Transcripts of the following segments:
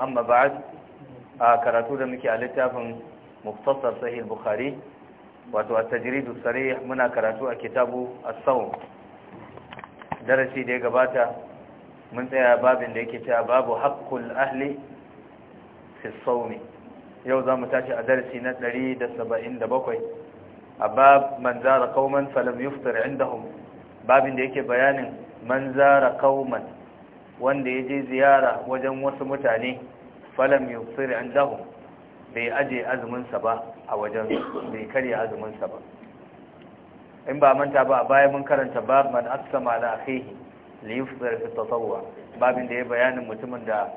amma ba'ad a karatu da muke a littafin muftasar sahih bukhari wato a tajridu sarih muna karatu a kitabu as-sawm darasi da ya gabata mun tsaya babin da yake cewa babu haqqul ahli fi as-sawmi yau zamu tashi a darasi na 177 a bab man zara qauman falam inda 'indahum babin da yake bayanin man zara qauman wanda ya je ziyara wajen wasu mutane falam an andahu bai aje azuminsa ba a wajen bai karya azuminsa ba in ba manta ba a baya mun karanta ba man aksama na akhihi li yufsir ta tatawwa babin da ya bayanin mutumin da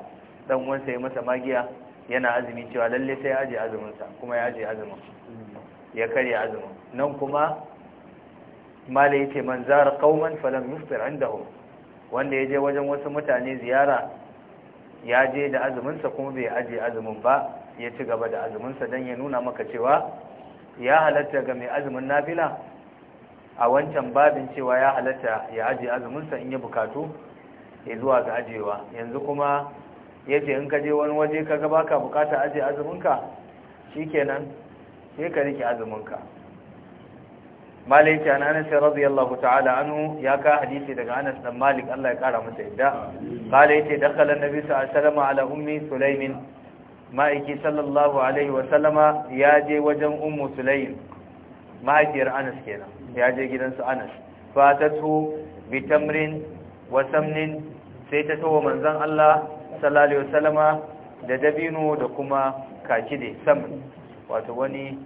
dan uwansa ya masa magiya yana azumi cewa lalle sai ya aje azuminsa kuma ya aje azumin ya karya azumin nan kuma mala ce man zara kauman falam an indahum wanda ya je wajen wasu mutane ziyara ya je da azuminsa kuma bai ajiye azumin ba ya ci gaba da azuminsa don ya nuna maka cewa ya halatta ga mai azumin nafila a wancan babin cewa ya halatta ya aje azuminsa in ya bukatu ya zuwa ga ajewa yanzu kuma ya ce in ka je wani waje ka gaba ka bukata aje azuminka shikenan sai ka rike azuminka ce an anas radiyallahu ta'ala a'nu ya ka hadisi daga anas dan malik Allah ya kara masa yadda kala yace dakhala nabi sallallahu alaihi wasallam ummi sulaimin ma'iki sallallahu alaihi wa sallama ya je wajen ummu sulaim ma'aikiyar anas kenan ya je gidansu anas fatatu bi tamrin wa samnin sai ta tawo manzon Allah sallallahu alaihi sallama da dabino da kuma kakide sam wato wani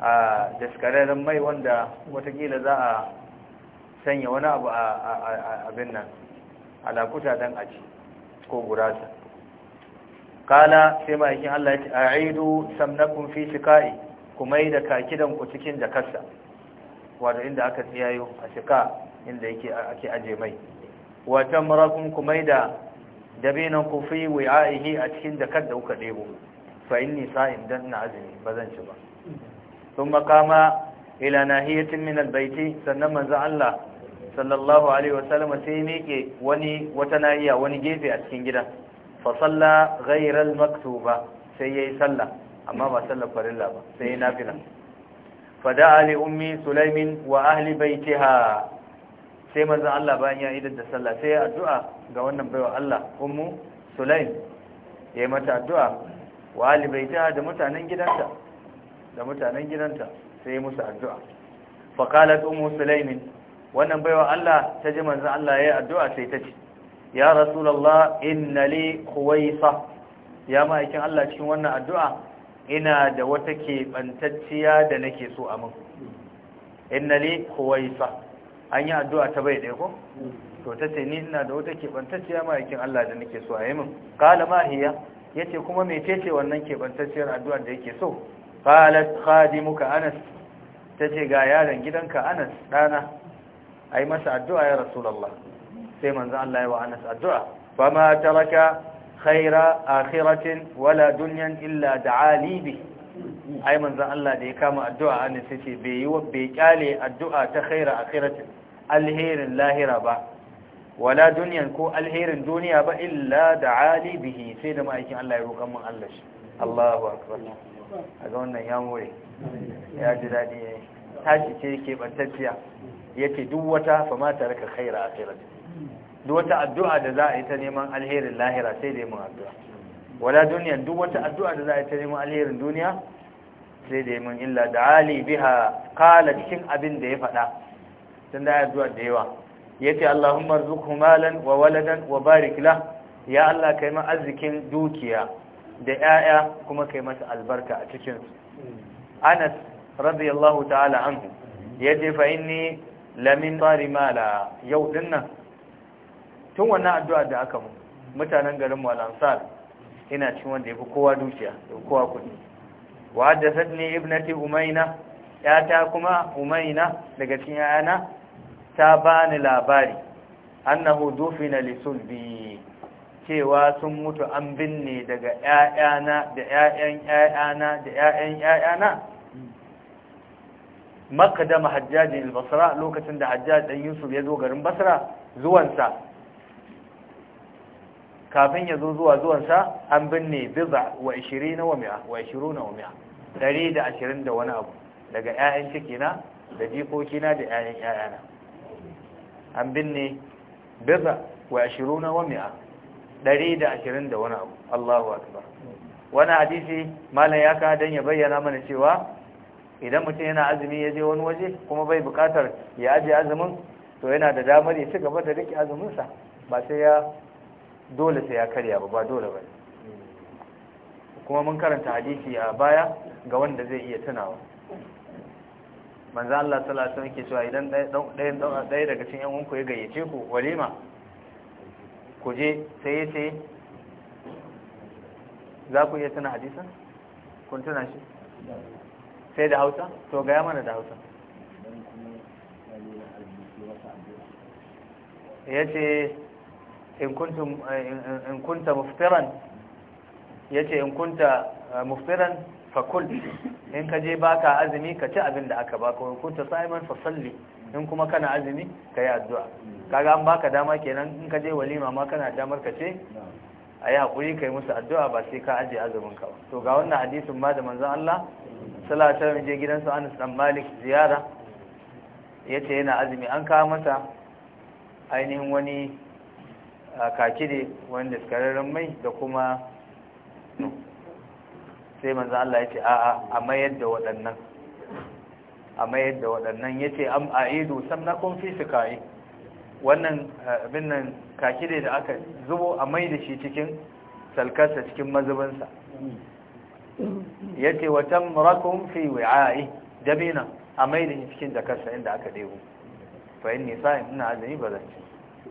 a daskararren mai wanda watakila za a sanya wani abu a abin nan alakuta don a ci ko gurata kala sai ma'aikin Allah ya ce a aidu samnakun fi shika'i kuma yi da kakidanku cikin jakarsa wato inda aka tsiyayo a shika inda yake ake aje mai wata marakun kuma yi da dabinan ku fi wi'a'ihi a cikin jakar da kuka ɗebo fa inni sa'in dan na azumi ba zan ci ba sun makama ila na nahiyatin min albaiti sannan manzo Allah sallallahu alaihi wasallam sai meke wani wata nahiya wani gefe a cikin gidan. fa salla ghayra ba, sai ya yi salla amma ba salla farilla ba sai ya nafila fa da'a li ummi sulaimin wa ahli baitiha sai manzo Allah bayan ya idar da salla sai ya addu'a ga wannan baiwa Allah ummu sulaim yi mata addu'a wa ahli baitiha da mutanen gidanta. da mutanen gidanta sai yi musu addu'a fakalat umu sulaimin wannan baiwa Allah ta ji manzo Allah ya yi addu'a sai ta ce ya rasulallah, inna li khuwaisa ya ma'aikin Allah cikin wannan addu'a ina da wata keɓantacciya da nake so a min inna li khuwaisa an yi addu'a ta bai ɗaya ko to ta ce ni ina da wata keɓantacciya ma'aikin Allah da nake so a yi min kala mahiya ya ce kuma ce wannan keɓantacciyar addu'ar da yake so qalat khadimuka anas tace ga yaron gidanka anas dana ai masa addu'a ya rasulullah sai manzo Allah ya wa anas addu'a fama taraka khaira akhiratin wala dunyan illa da'ali bi ai manzo Allah da ya kama a anas yace bai yi bai kyale addu'a ta khaira akhiratin alherin lahira ba wala dunyan ko alherin duniya ba illa da'ali bihi sai da ma'aikin Allah ya roƙa mun Allah shi Allahu a ga wannan ya more ya ji daɗi ya yi tashi ce ke ɓantacciya ya ce duk wata fama ta raka khaira a khairar duk wata addu'a da za a yi ta neman alherin lahira sai da yi mun addu'a wala duniya duk wata addu'a da za a yi ta neman alherin duniya sai da yi mun illa da ali biha kala cikin abin da ya faɗa tun da addu'a da yawa ya ce allahumma rzuqhu malan wa waladan wa barik la ya allah kai ma arzikin dukiya da 'ya'ya kuma kai masa albarka a cikinsu anas radiyallahu ta'ala anhu ya ce fa inni lamin tsari mala yau dinnan tun wannan addu'a da aka mutanen garin Walansar, ina cin wanda ya fi kowa dukiya da kowa kuɗi wa haddasa ne ibnati umaina ‘yata kuma umaina daga cikin ‘ya'yana ta bani labari annahu dufina li sulbi cewa sun mutu an binne daga ‘ya'yana da ‘ya'yan ‘ya'yana da ‘ya'yan ‘ya'yana makka da mahajjajin basra lokacin da hajjaj ɗan yusuf ya zo garin basra zuwansa kafin ya zo zuwa zuwansa an binne biza wa 20 na wamiya wa 20 na wamiya 120 da wani abu daga ‘ya'yan cikina da jikokina da ‘ya'yan ‘ya'yana an binne biza wa 20 na wamiya ɗari da ashirin da wani abu Allahu akbar wani hadisi malam ya ka don ya bayyana mana cewa idan mutum yana azumi ya je wani waje kuma bai bukatar ya aje azumin to yana da damar ya ci gaba da rike azuminsa ba sai ya dole sai ya karya ba ba dole ba kuma mun karanta hadisi a baya ga wanda zai iya tunawa manzo Allah sallallahu alaihi wasallam ke cewa idan ɗaya daga cikin yan uwanku ya gayyace ku walima ku je sai ya ce za ku iya tuna hadisan kun tuna shi sai da hausa to gaya mana da hausa ya ce in kunta muftiran ya ce in kunta eh, muftiran fakul in ka je baka azumi ka ci abin da aka baka in kunta simon fasalli in kuma kana azumi ka yi addu'a kaga an baka dama kenan in ka je walima ma kana damar ka ce a yi haƙuri ka yi musu addu'a ba sai ka ajiye azumin ka to ga wannan hadisin ma da manzan Allah sallallahu alaihi je gidan su Anas dan Malik ziyara yace yana azumi an kawo masa ainihin wani ne wanda skararren mai da kuma sai manzan Allah yace a'a a mayar da waɗannan a mayar da waɗannan ya ce am a idu samnakon fi su kayi wannan eh, abin nan ne da aka zubo a mai da shi cikin salkarsa cikin mazubinsa ya ce watan rakun fi wi'a'i damina a mai da shi cikin jakarsa inda aka debo fa'in nisa'in ina azumi ba zan ci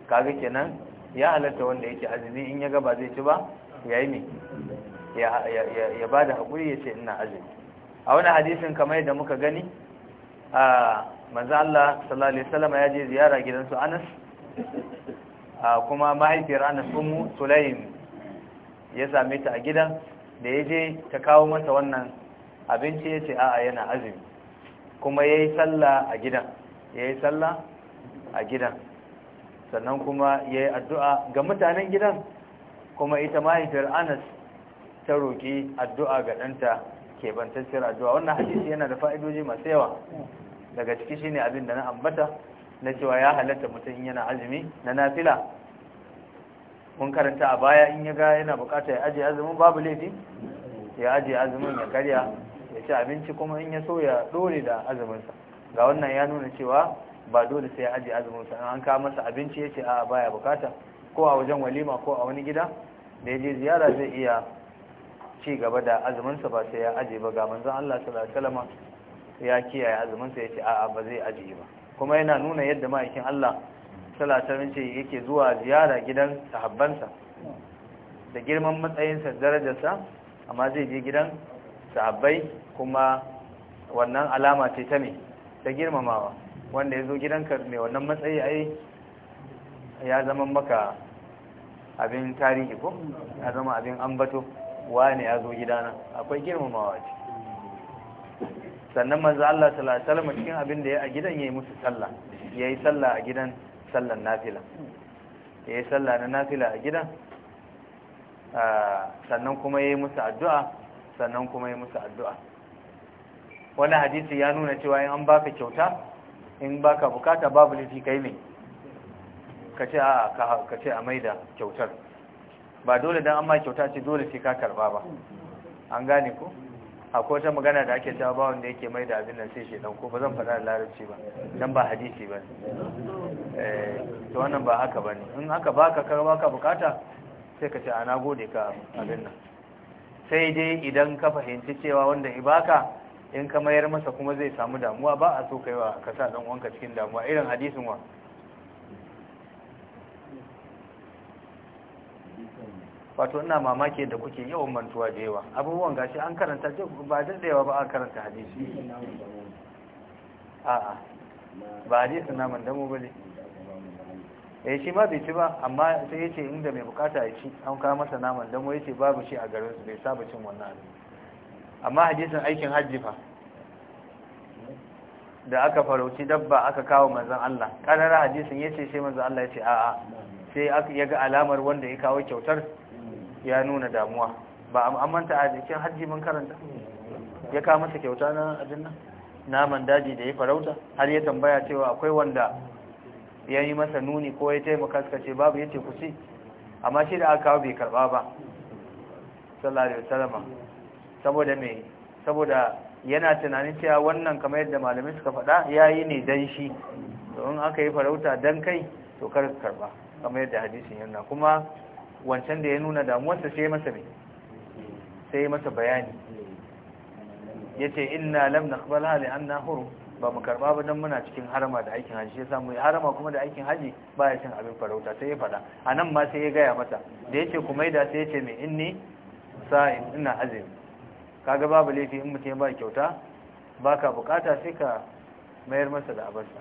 kaga kenan ya halatta wanda yake azumi in ya ga ba zai ci ba ya yi ne ya ba da haƙuri ya ce ina azumi a wani hadisin kamar yadda muka gani a manzo Allah sallallahu alaihi wasallam ya je ziyara gidansu Anas kuma mahaifiyar Anas ummu Sulaim ya same ta a gidan da ya je ta kawo masa wannan abinci ya ce a'a yana azumi kuma ya yi sallah a gidan ya yi sallah a gidan sannan kuma ya yi addu'a ga mutanen gidan kuma ita mahaifiyar anas ta roƙi addu'a ga ɗanta kebantacciyar addu'a wannan hadisi yana da fa'idoji masu yawa daga ciki shine abin da na ambata na cewa ya halatta mutum in yana azumi na nafila mun karanta a baya in ya ga yana bukata ya ajiye azumin babu laifi ya ajiye azumin ya karya ya ci abinci kuma in ya so ya dore da azuminsa ga wannan ya nuna cewa ba dole sai ya ajiye azuminsa in an kawo masa abinci ya ce a baya bukata ko a wajen walima ko a wani gida da ya je ziyara zai iya ci gaba da azuminsa ba sai ya aje ba ga manzon Allah sallallahu ya kiyaye azuminsa yace a'a ba zai ajiye ba kuma yana nuna yadda ma'aikin Allah sallallahu alaihi ce yake zuwa ziyara gidan sahabbansa da girman matsayinsa darajarsa amma zai je gidan sahabbai kuma wannan alama ce ta ne ta girmamawa wanda ya zo gidanka mai wannan matsayi ai ya zama maka abin tarihi ko ya zama abin ambato wani ya zo gidana akwai girmamawa ce sannan manzo Allah sallallahu alaihi wasallam cikin abin da ya a gidan yayi musu sallah yayi sallah a gidan sallan nafila yayi sallah na nafila a gidan sannan kuma yayi musu addu'a sannan kuma yayi musu addu'a wani hadisi ya nuna cewa in an baka kyauta in baka bukata babu lifi kai ne kace a kace a maida kyautar ba dole dan amma kyauta ce dole sai ka karba ba an gane ko akwai wata magana da ake cewa bawon da yake mai da abin nan sai dan ko ba zan faɗa da larabci ba dan ba hadisi ba eh to wannan ba haka bane in haka baka karba ka bukata sai ka ce a gode ka abin nan sai dai idan ka fahimci cewa wanda ibaka in ka mayar masa kuma zai samu damuwa ba a so kaiwa ka sa dan uwanka cikin damuwa irin hadisin wa wato ina mamaki da kuke yawan mantuwa da yawa abubuwan gashi an karanta ba yawa ba an karanta hadisi a'a ba hadisi naman damu ba ne ya eh, shi ma bai ci ba amma sai ya ce inda mai bukata ya ci an kawo masa naman damu ya ce babu shi a su. bai saba cin wannan amma hadisin aikin hajji fa da aka farauci dabba aka kawo manzon Allah ƙarar hadisin ya ce sai manzon Allah ya ce a'a sai ya ga alamar wanda ya kawo kyautar ya nuna damuwa ba a manta a jikin hajji mun karanta ya kama masa kyauta na abin na? naman daji da ya farauta har ya tambaya cewa akwai wanda ya yi masa nuni ko ya taimaka suka ce babu ya ce kusi amma shi da aka kawo bai karba ba sallallahu alaihi salama saboda me saboda yana tunanin cewa wannan kamar yadda malamai suka faɗa yi ne dan shi to in aka yi farauta dan kai to kar ka karba kamar yadda hadisin yana kuma wancan da ya nuna damuwarsa sai masa mai sai masa bayani yace lamna lam hali an anna hurum ba mu karba ba don muna cikin harama da aikin haji ya sa mu harama kuma da aikin haji ya cin abin farauta sai ya fada nan ma sai ya gaya mata da ce kuma da sai ya yace mai inni sa'in ina azim kaga babu laifi in mutum ba kyauta ba ka bukata sai ka mayar masa da abarsa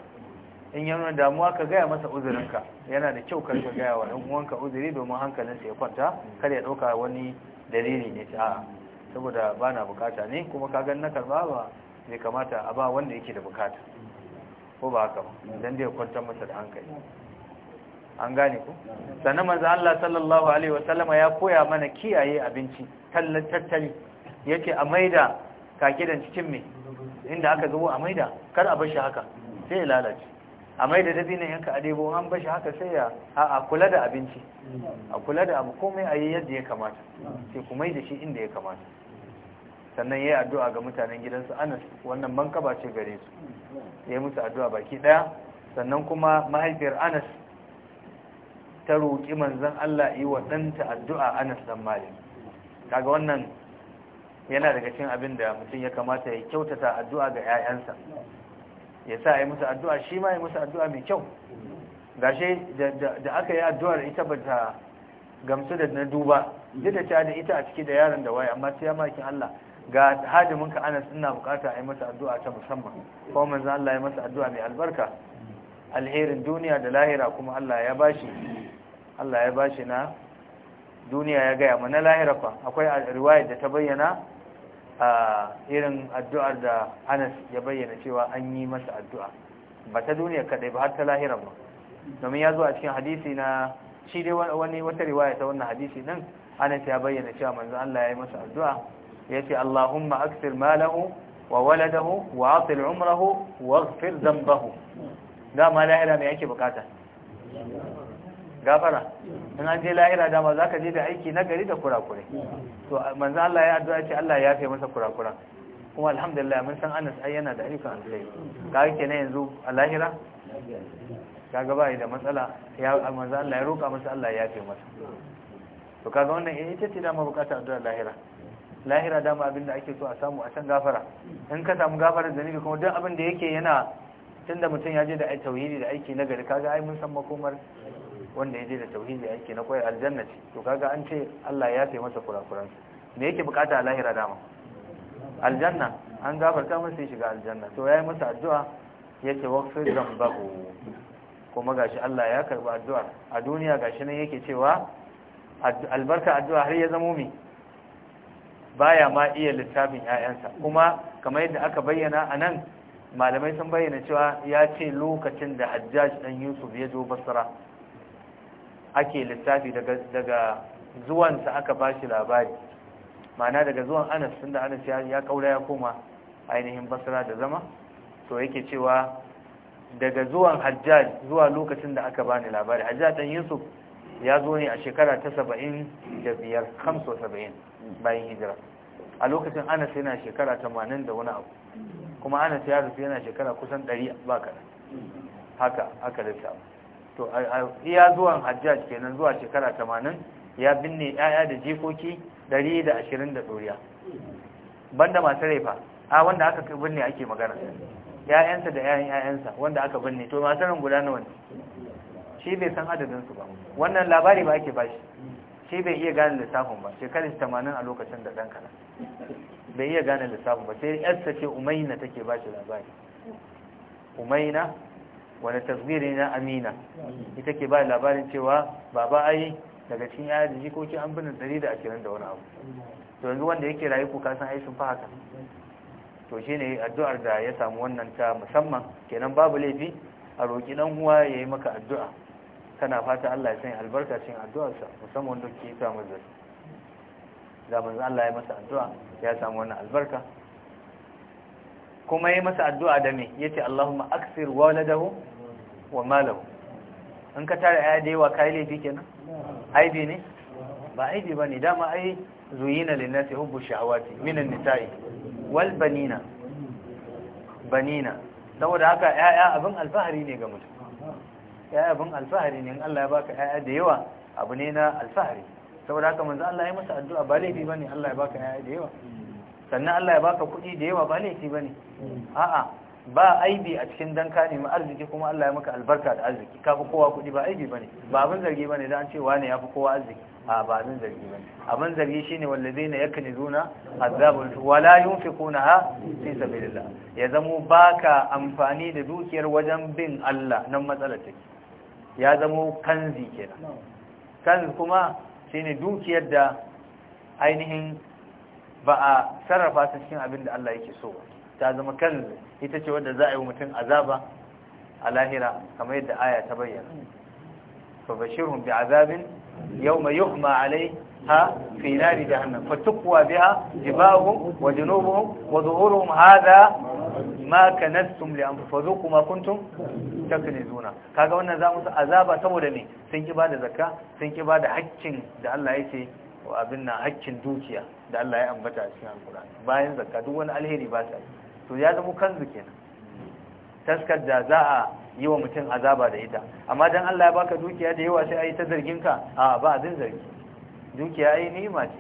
in ya damuwa ka gaya masa uzurinka yana da kyau karka gaya wa ɗan uwanka uzuri domin hankalinsa ya kwanta kar ya ɗauka wani dalili ne ta saboda ba na bukata ne kuma ka gan na karba ba bai kamata a ba wanda yake da bukata ko ba haka ba don da kwantar masa da hankali an gane ku sannan manzo Allah sallallahu alaihi wa sallama ya koya mana kiyaye abinci tattali yake a maida kakidan cikin me inda aka zubo a maida kar a bar shi haka sai ya lalace a mai da dabi nan yanka a debo an bashi haka sai ya a kula da abinci a kula da abu komai a yi yadda ya kamata sai ku mai da shi inda ya kamata sannan ya yi addu'a ga mutanen gidansu anas wannan ba ce gare su ya yi musu addu'a baki ɗaya sannan kuma mahaifiyar anas ta roƙi manzan Allah yi wa ɗanta addu'a anas dan malin kaga wannan yana daga cin abin da mutum ya kamata ya kyautata addu'a ga ‘ya'yansa ya sa ya musu addu'a shi ma ya musu addu'a mai kyau Ga shi da aka yi addu'ar ita ba ta gamsu da na duba duk da ta da ita a ciki da yaron da waya amma sai makin Allah ga hadimin ka Anas ina bukata a yi masa addu'a ta musamman kuma manzan Allah ya masa addu'a mai albarka alherin duniya da lahira kuma Allah ya bashi Allah ya bashi na duniya ya gaya mana lahira fa akwai riwayar da ta bayyana a irin addu'ar da Anas ya bayyana cewa an yi masa addu'a ba ta duniya kadai ba har ta lahiran ba domin ya zo a cikin hadisi na shi dai wani wata riwaya ta wannan hadisi nan Anas ya bayyana cewa manzo Allah ya yi masa addu'a ya ce Allahumma aksir malahu wa waladahu wa atil umrahu waghfir dhanbahu dama lahira me yake bukata gafara in an je lahira dama za ka je da aiki na gari da kurakurai to manzo Allah ya addu'a ce Allah ya yafe masa kurakuran kuma alhamdulillah mun san Anas ai yana da ayyukan alkhairi yake ne yanzu a lahira kaga bai da matsala ya manzo Allah ya roka masa Allah ya yafe masa to kaga wannan eh, ita ce dama bukata addu'a lahira lahira dama abin da ake so a samu a can gafara in ka samu gafarar zanibi kuma duk abin da yake yana tunda mutum ya je da ai tauhidi da aiki na gari kaga ai mun san makomar wanda ya je da tauhidi aiki na koyar aljanna ce to kaga an ce Allah ya fi masa kurakuran me yake bukata a lahira dama aljanna an gafarta masa ya shiga aljanna to yayi masa addu'a yake waqfi zambahu kuma gashi Allah ya karba addu'a a duniya gashi nan yake cewa albarka addu'a har ya zamo mi baya ma iya littafin ƴaƴansa kuma kamar yadda aka bayyana a nan malamai sun bayyana cewa ya ce lokacin da hajjaj dan yusuf ya zo basra ake lissafi daga zuwansa aka bashi labari ma'ana daga zuwan anas da anas ya kaura ya koma ainihin basra da zama to yake cewa daga zuwan hajjaj zuwa lokacin da aka bani labari hajjaj dan yusuf ya zo ne a shekara ta saba'in da biyar saba'in bayan hijira a lokacin anas yana shekara tamanin da wani abu kuma anas ya rufe yana shekara kusan ɗari ba kaɗan haka aka lissafa to iya zuwan hajjaj kenan zuwa shekara tamanin ya binne yaya da jikoki dari da ashirin da ɗoriya banda masu raifa a wanda aka binne ake magana ‘ya'yansa da ‘ya'yan ‘ya'yansa wanda aka binne to masu ran guda nawa ne shi bai san adadinsu ba wannan labari ba ake bashi shi bai iya gane lissafin ba shekarar tamanin a lokacin da ɗan kana bai iya gane lissafin ba sai ‘yarsa ce umaina take bashi labari umaina wani tasbiri na amina ita ke ba labarin cewa baba yi daga cikin yaya da jikoki an binin dari da ashirin da wani abu to yanzu wanda yake rayu ko kasan aishin fa haka to shi ne addu'ar da ya samu wannan ta musamman kenan babu laifi a roƙi ɗan uwa ya yi maka addu'a kana fata Allah ya sanya albarka cin addu'arsa musamman wanda ke samu zai da Allah ya masa addu'a ya samu wannan albarka kuma yi masa addu'a da ya ce Allahumma aksir waladahu wa malahu in ka tara ya da yawa kai laifi kenan aibi ne ba aibi ba ne dama ai zuyina sai hubu sha'awati minan nisa'i wal banina banina saboda haka yaya abin alfahari ne ga mutum yaya abin alfahari ne in Allah ya baka yaya da yawa abu ne na alfahari saboda haka manzo Allah ya masa addu'a ba laifi bane Allah ya baka yaya da yawa sannan Allah ya baka kuɗi da yawa ba laifi ba ne a'a ba aibi a cikin danka ne nemi arziki kuma Allah ya maka albarka da arziki ka fi kowa kuɗi ba aibi ba ne ba abin zargi ba ne da an ce wane ya fi kowa arziki a ba abin zargi ba ne abin zargi shi ne wallazi na yakni zuna azabul wala kuna ha fi sabilillah ya zamo baka amfani da dukiyar wajen bin Allah nan matsalar take ya zamo kanzi kenan kanzi kuma shine dukiyar da ainihin ba a sarrafa ta cikin abin da Allah yake so ta zama kan ita ce wadda za a yi mutum azaba a lahira kamar yadda aya ta bayyana fa bashirhum bi azabin yawma yuhma alaiha fi nari jahannam fa tuqwa biha jibahum wa junubuhum wa zuhuruhum hadha ma kanastum li anfusikum ma kuntum taknizuna kaga wannan za mu azaba saboda me sun ki da zakka sun ki da haƙƙin da Allah yake wa abin nan haƙƙin dukiya da Allah ya ambata a cikin alkur'ani bayan zakka duk wani alheri ba ta yi to ya zama kanzu kenan taskar da za a yi wa mutum azaba da ita amma dan Allah ya baka dukiya da yawa sai a yi ta zargin ka a ba abin zargi dukiya ai ni'ima ce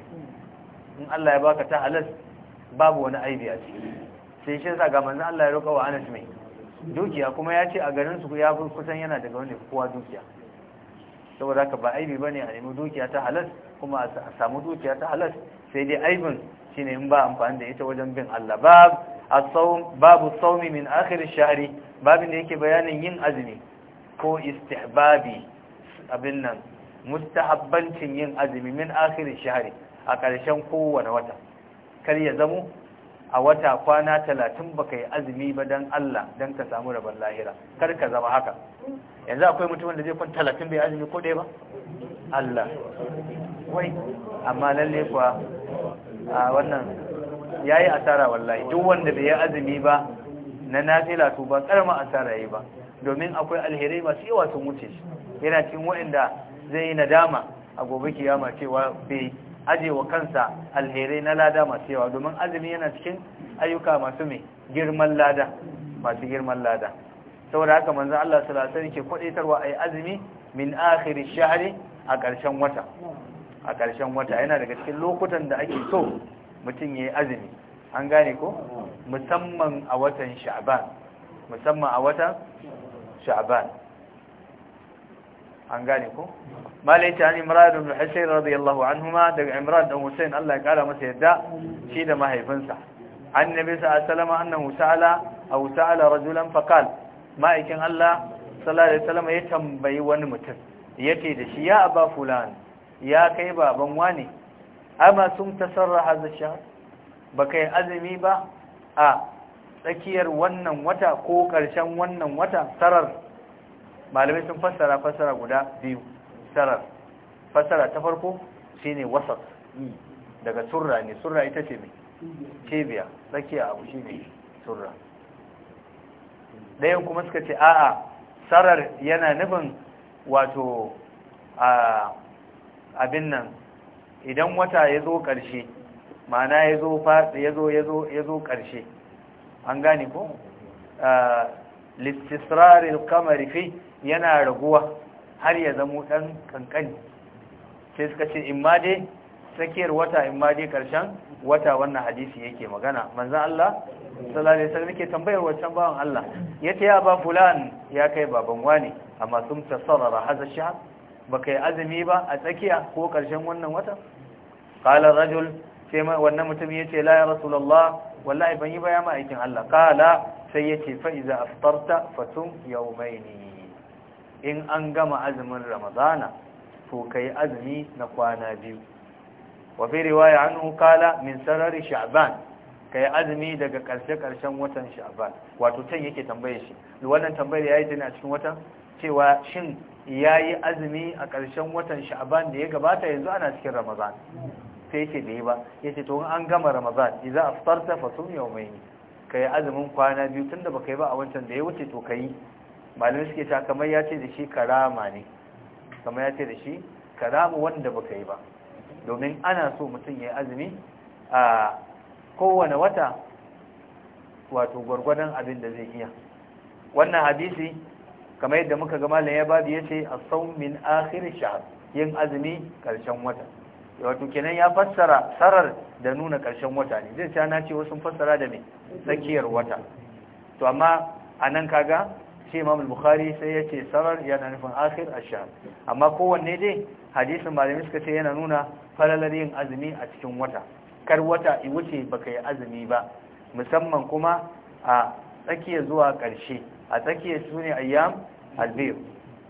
in Allah ya baka ta halal babu wani aibi a ciki sai shi yasa ga manzon Allah ya roƙa wa Anas mai dukiya kuma ya ce a garin su ya fi kusan yana daga wanda kowa dukiya saboda haka ba aibi bane a nemi dukiya ta halal kuma a samu dukiya ta halal sai dai aibin shine in ba amfani da ita wajen bin Allah babu sawmi min akhir ash babu babin da yake bayanin yin azumi ko istihbabi abin nan mustahabbancin yin azumi min akhir ash a ƙarshen kowane wata kar ya zamo a wata kwana talatin baka yi azumi ba don Allah don ka samu rabon lahira kar ka zama haka yanzu akwai mutumin da zai kwan talatin bai azumi ko ɗaya ba Allah wai amma lalle kuwa a wannan ya yi asara wallahi duk wanda bai yi azumi ba na nafila su ba karama asara yi ba domin akwai alherai masu yawa sun wuce shi yana cikin waɗanda zai yi nadama a gobe kiyama cewa bai aje wa kansa alherai na lada masu yawa domin azumi yana cikin ayyuka masu mai girman lada masu girman lada saboda haka manzo Allah sallallahu alaihi wasallam ke kwadaitarwa ai azumi min akhir ash a karshen wata a ƙarshen wata yana daga cikin lokutan da ake so mutum ya yi azumi an gane ko musamman a watan sha'ban musamman a watan sha'ban an gane ko malaita an imran ibn husayn radiyallahu anhuma daga imran dan husayn Allah ya kara masa yadda shi da mahaifinsa annabi sallallahu alaihi wasallam annahu sa'ala aw sa'ala rajulan faqal ma'aikin Allah sallallahu alaihi wasallam ya tambayi wani mutum yake da shi ya aba fulan ya kai baban wane amma sun tasarra hadha shahar. Ba kai azumi ba a tsakiyar wannan wata ko ƙarshen wannan wata sarar malamai sun fassara fassara guda biyu sarar fassara ta farko shine wasat daga surra ne surra ita ce mai cibiya tsakiya abu shi ne surra ɗayan kuma suka ce a'a sarar yana nufin wato a abin nan idan wata ya zo ƙarshe mana ya zo ya zo ƙarshe an gane ko listisrarin kamar fi yana raguwa har ya zamo ɗan ƙanƙani sai suka ce in ma dai tsakiyar wata in ma dai ƙarshen wata wannan hadisi yake magana manzan Allah salari sai nake tambayar wancan bawan Allah ta ya ba fulan ya kai baban wani amma sun tasarara haza baka yi azumi ba a tsakiya ko ƙarshen wannan wata qala rajul sai wannan mutum yace la ya Rasulallah? wallahi ban yi ba ya ma'aikin Allah qala sai yace fa iza yau fatum ne. in an gama azumin ramadana to yi azumi na kwana biyu wa fi riwaya anhu qala min sarari sha'ban yi azumi daga ƙarshe ƙarshen watan sha'ban wato can yake tambaye shi wannan tambayar yayi a cikin watan cewa shin ya yi azumi a ƙarshen watan sha'aban da ya gabata yanzu ana cikin ramazan sai yake da yi ba ya ce to an gama ramazan a aftarta fa sun yau mai ka yi azumin kwana biyu tun da baka yi ba a wancan da ya wuce to ka yi malin suke ta kamar ya ce da shi karama ne kamar ya ce da shi karama wanda baka yi ba domin ana so mutum ya yi azumi a kowane wata wato gwargwadon abin da zai iya wannan hadisi kamar yadda muka ga malam ya babu yace as-sawm min akhir shahr yin azumi karshen wata wato kenan ya fassara sarar da nuna karshen wata ne zai ta na ce wasu fassara da me tsakiyar wata to amma anan kaga sai Imam Bukhari sai yace sarar yana nufin akhir a shahr amma kowanne dai hadisin malami suka ce yana nuna falalar yin azumi a cikin wata kar wata i wuce baka yi azumi ba musamman kuma a tsakiya zuwa ƙarshe a tsakiya su ne ayyam albiyu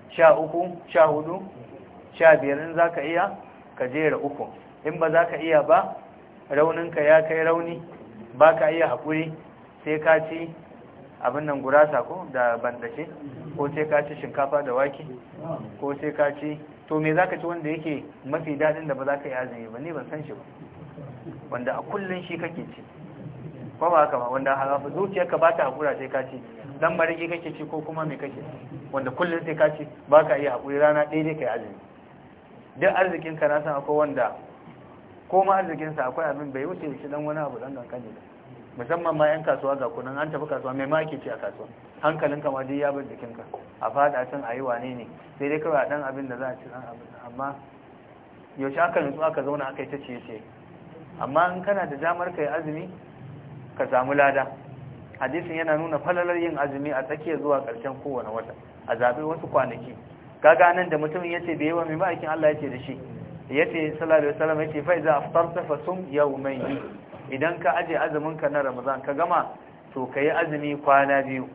sha uku sha hudu sha biyar in za ka iya ka jera uku in ba za ka iya ba rauninka ya kai rauni ba ka iya haƙuri sai ka ci abin nan gurasa ko da bandace ko sai ka ci shinkafa da waki ko sai ka ci to me za ka ci wanda yake mafi daɗin da ba za ka yi azumi ba ni ban san shi ba wanda a kullum shi kake ci ko ba haka ba wanda harafa zuciyarka ba ta haƙura sai ka ci dan mariki kake ci ko kuma me kake wanda kullum sai ka ci baka iya hakuri rana ɗaya dai kai azumi duk arzikin ka na san akwai wanda ko ma arzikin sa akwai abin bai wuce shi dan wani abu dan dan ba musamman ma yan kasuwa ga kunan an tafi kasuwa mai ma ake ci a kasuwa hankalin ka ma duk ya bar jikin ka a fada can ayi wane ne sai dai kawai a dan abin da za a ci dan abin amma yaushe aka nutsu aka zauna aka yi ta ciye-ciye amma in kana da damar kai azumi ka samu lada hadisin yana nuna falalar yin azumi a tsakiyar zuwa ƙarshen kowane wata a zaɓi wasu kwanaki kaga nan da mutumin ce bai yawa mai ma'aikin Allah ya ce da shi yace sallallahu alaihi wasallam yace fa iza yau mai yawmayn idan ka aje azumin ka na Ramadan ka gama to kai azumi kwana biyu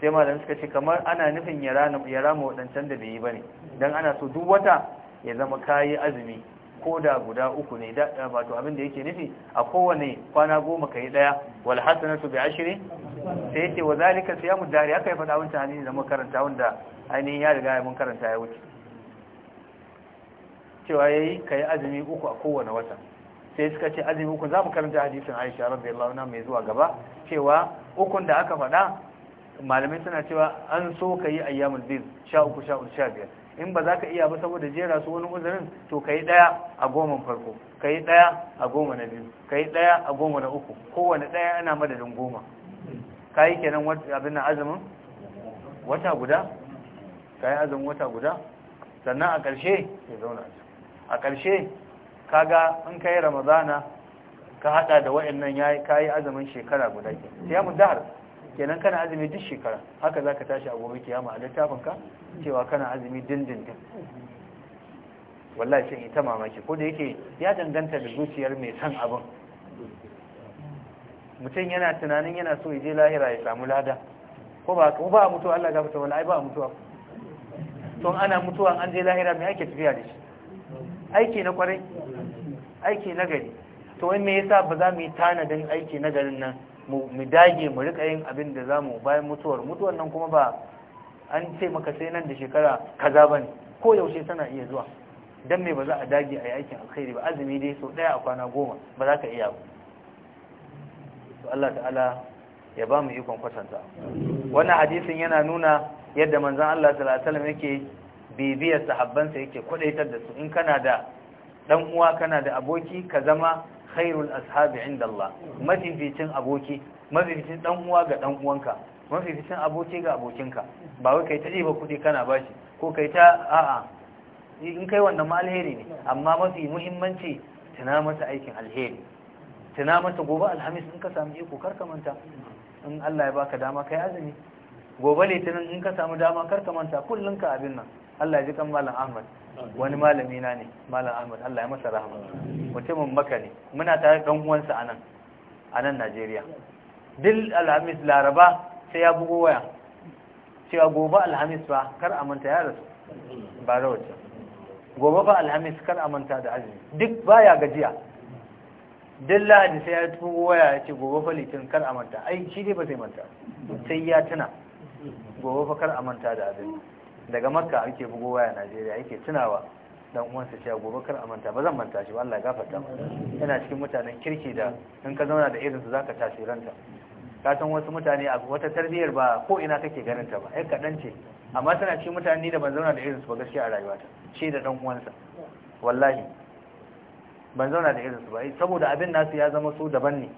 sai malamin suka ce kamar ana nufin ya rana rama wadancan da bai yi bane dan ana so duk wata ya zama kai azumi koda guda uku ne da wato abin da yake nufi a kowane kwana goma kai daya wal hasanatu bi ashri sai yake wa zalika siyamu dari aka yi fada wancan hadisi da muka karanta wanda ainihin ya riga mun karanta ya wuce cewa yayi kai azumi uku a kowane wata sai suka ce azumi uku za mu karanta hadisin Aisha radiyallahu anha mai zuwa gaba cewa ukun da aka faɗa malamai suna cewa an so ka yi ayyamul bid sha uku sha uku sha biyar in ba za ka iya ba saboda jera su wani uzurin to ka yi ɗaya a goma farko ka yi ɗaya a goma na biyu ka yi ɗaya a goma na uku kowane ɗaya ana madadin goma ka yi kenan abin na azumin wata guda ka yi azumin wata guda sannan a ƙarshe ya zauna a ƙarshe ka ga in ka yi ramadana ka haɗa da wa'annan ka yi azumin shekara guda ke siyamun dahar kenan kana azumi duk shekara haka zaka tashi a gobe kiyama a littafin ka cewa kana azumi dindindin wallahi sai ita mamaki ko da yake ya danganta da zuciyar mai san abin mutum yana tunanin yana so ya je lahira ya samu lada ko ba ko ba mutuwa Allah ga mutuwa ai ba mutuwa to ana mutuwa an je lahira me ake tafiya da shi aiki na kwarai aiki na gari to wai me yasa ba za mu yi tanadin aiki na garin nan mu dage mu rika yin abin da za mu bayan mutuwar mutuwar nan kuma ba an ce maka sai nan da shekara kaza ba ne ko yaushe tana iya zuwa dan me ba za a dage a yi aikin alkhairi ba azumi dai sau ɗaya a kwana goma ba za ka iya ba to Allah ta'ala ya ba mu ikon kwatanta wannan hadisin yana nuna yadda manzon Allah sallallahu alaihi wasallam yake bibiyar sa yake kwadaitar da su in kana da dan uwa kana da aboki ka zama khairul ashabi indallah mafificin aboki mafificin dan uwa ga dan uwanka mafificin aboki ga abokinka ba wai kai ta ɗiba kuɗi kana bashi ko kai ta a'a in kai wannan ma alheri ne amma mafi muhimmanci tana masa aikin alheri tana masa gobe alhamis in ka samu iko karka manta in Allah ya baka dama kai azumi gobe litinin in ka samu dama karka manta kullun ka abin nan Allah ji kan malam Ahmad wani malami na ne malam Ahmad Allah ya masa rahama mutumin maka ne muna tare dan uwansa anan anan Najeriya dil alhamis laraba sai ya bugo waya cewa gobe alhamis ba kar a manta ya rasu ba rawace gobe ba alhamis kar a manta da azumi duk baya gajiya duk lahadi sai ya tuko waya ya ce gobe fa litin kar a manta ai shi dai ba zai manta sai ya tuna gobe fa kar a manta da azumi daga makka ake bugo waya najeriya yake tunawa dan uwansa cewa gobe kar a manta ba zan manta shi ba Allah ya gafarta masa yana cikin mutanen kirki da in ka zauna da irin su zaka tashi ranta ka san wasu mutane a wata tarbiyyar ba ko ina kake ganin ta ba ai kadan ce amma tana cikin mutane da ban zauna da irin su ba gaskiya a rayuwata shi da dan uwansa wallahi ban zauna da irin su ba saboda abin nasu ya zama su daban ne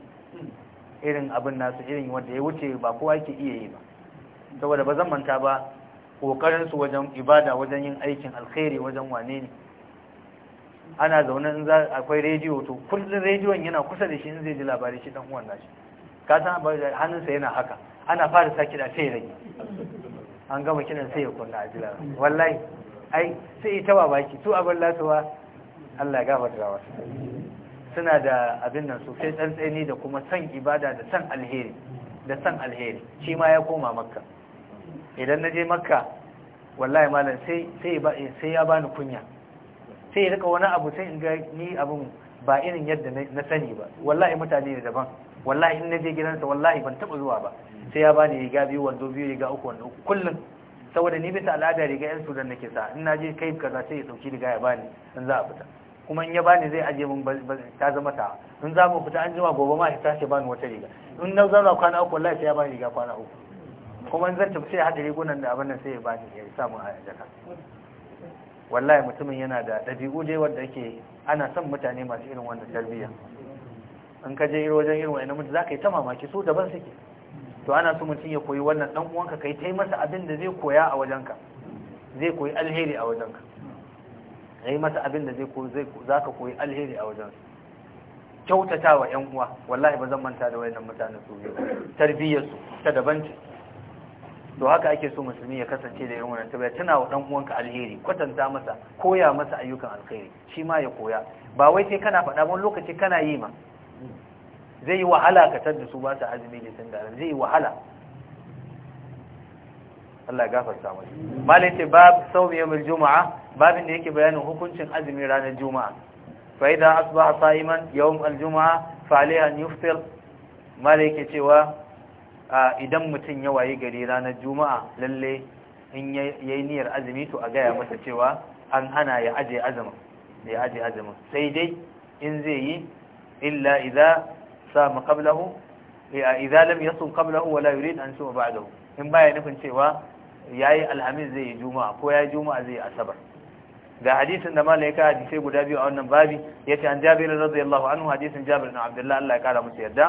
irin abin nasu irin wanda ya wuce ba kowa yake iya yi ba saboda ba zan manta ba kokarin su wajen ibada wajen yin aikin alkhairi wajen wane ne ana zaune in za akwai rediyo to kullun rediyon yana kusa da shi in zai ji labari shi dan uwan nashi ka san hannunsa yana haka ana fara saki da sai rage an gama kiran sai ya kunna a wallahi ai sai ita ba baki su abin lasuwa Allah ya gafarta wa suna da abin nan sosai tsantseni da kuma san ibada da san alheri da san alheri shi ma ya koma makka idan na je makka wallahi malam sai sai ya bani kunya sai ya rika wani abu sai in ga ni abun ba irin yadda na sani ba wallahi mutane ne daban wallahi in na je gidansa wallahi ban taba zuwa ba sai ya bani riga biyu wando biyu riga uku wando uku kullum saboda ni bisa al'ada riga yan sudan nake sa in na je kai kaza sai ya dauki riga ya bani in za a fita kuma in ya bani zai aje mun ta zama ta in za mu fita an jima gobe ma ya tashi bani wata riga in na zauna kwana uku wallahi sai ya bani riga kwana uku kuma zan tafi sai haɗa rigunan da abin sai ya ba ya sa mun a jaka wallahi mutumin yana da ɗabi'u dai wanda yake ana son mutane masu irin wanda tarbiyya in ka je wajen irin wa'annan mutum za ka yi ta mamaki su daban suke to ana so mutum ya koyi wannan ɗan uwanka ka yi ta masa abin da zai koya a wajenka zai koyi alheri a wajenka ya yi masa abin da zai koyi za ka koyi alheri a wajensa kyautata wa 'yan uwa wallahi ba zan manta da wani mutane su biyu tarbiyyarsu ta daban ce to haka ake so musulmi ya kasance da irin wannan tabbata tana wa dan uwanka alheri kwatanta masa koya masa ayyukan alheri shi ma ya koya ba wai sai kana faɗa ba lokaci kana yi ma zai yi wahala ka tar su ba su azumi da sun zai yi wahala Allah ya gafarta masa malai ce bab sawmi yawmul juma'a babin da yake bayanin hukuncin azumi ranar juma'a fa idan asbaha sa'iman yawm al-juma'a fa alayhi an yuftir malai yake cewa idan mutum ya waye gari ranar juma'a lalle in yayi niyyar azumi to a gaya masa cewa an hana ya aje azumin ya aje azumin sai dai in zai yi illa idza sama qablahu ya idza lam yasum qablahu wala yurid an suma ba'dahu in baya nufin cewa ya yi alhamis zai yi juma'a ko ya yi juma'a zai yi asabar ga hadisin da malaika hadisai guda biyu a wannan babi ya yace an jabir radiyallahu anhu hadisin jabir ibn abdullah Allah ya kara musu yarda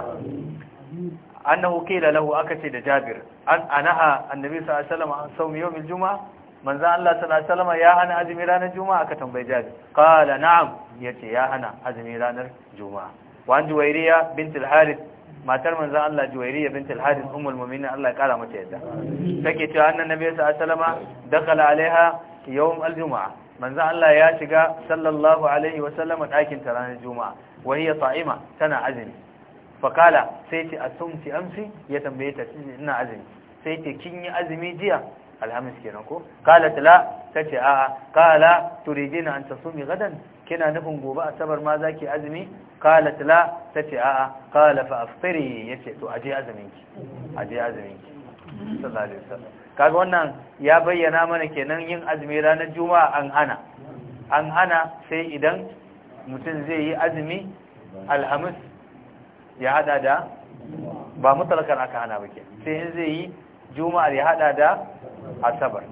annahu qila lahu akace da Jabir an anaha annabi sallallahu alaihi wasallam an sawmi yawmil juma'a manzo Allah sallallahu alaihi wasallam ya hana azumi ranar juma'a aka tambaye Jabir qala na'am yace ya hana azumi ranar juma'a wa an juwairiya bint harith matar manzo Allah juwairiya bint al-harith ummul mu'minin Allah ya kara mata yadda take cewa annabi sallallahu alaihi wasallam dakala alaiha yawm al-juma'a manzo Allah ya shiga sallallahu alaihi wasallam dakin ta ranar juma'a wa hiya ta'ima tana azumi fakala sai ce a sumti amsi ya tambaye ta ina azumi sai ce kin yi azumi jiya alhamis kenan ko kala tala ta ce a'a kala turidina an tasumi gadan kina nufin gobe asabar ma zaki azumi kala tala ta ce a'a kala fa aftari yace to aje azumin ki aje azumin ki sallallahu alaihi wasallam kaga wannan ya bayyana mana kenan yin azumi ranar juma'a an hana an hana sai idan mutum zai yi azumi alhamis ya hada da ba mutalakar aka hana ba sai sai zai yi juma'ar ya hada da asabar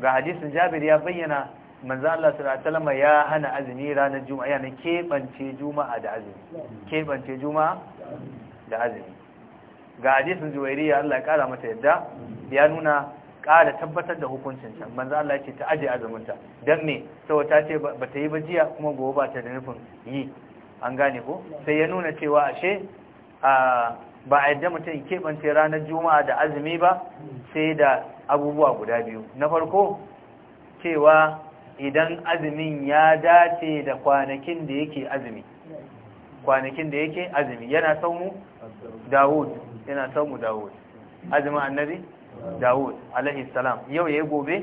ga hadisin jabir ya bayyana manzo Allah sallallahu alaihi ya hana azumi ranar juma'a yana kebance juma'a da azumi kebance juma'a da azumi ga hadisin ya Allah ya kara mata yadda ya nuna kara tabbatar da hukuncin can manzo Allah ya ce ta aje azuminta dan me saboda ta ce bata yi ba jiya kuma gobe ba ta da nufin yi an gane ko sai ya nuna cewa ashe ba a yadda mutum keɓance ranar juma'a da azumi ba sai da abubuwa guda biyu na farko cewa idan azumin ya dace da kwanakin da yake azumi kwanakin da yake azumi yana saumu dawud yana saumu dawud azumin annabi dawud alaihi salam yau yi gobe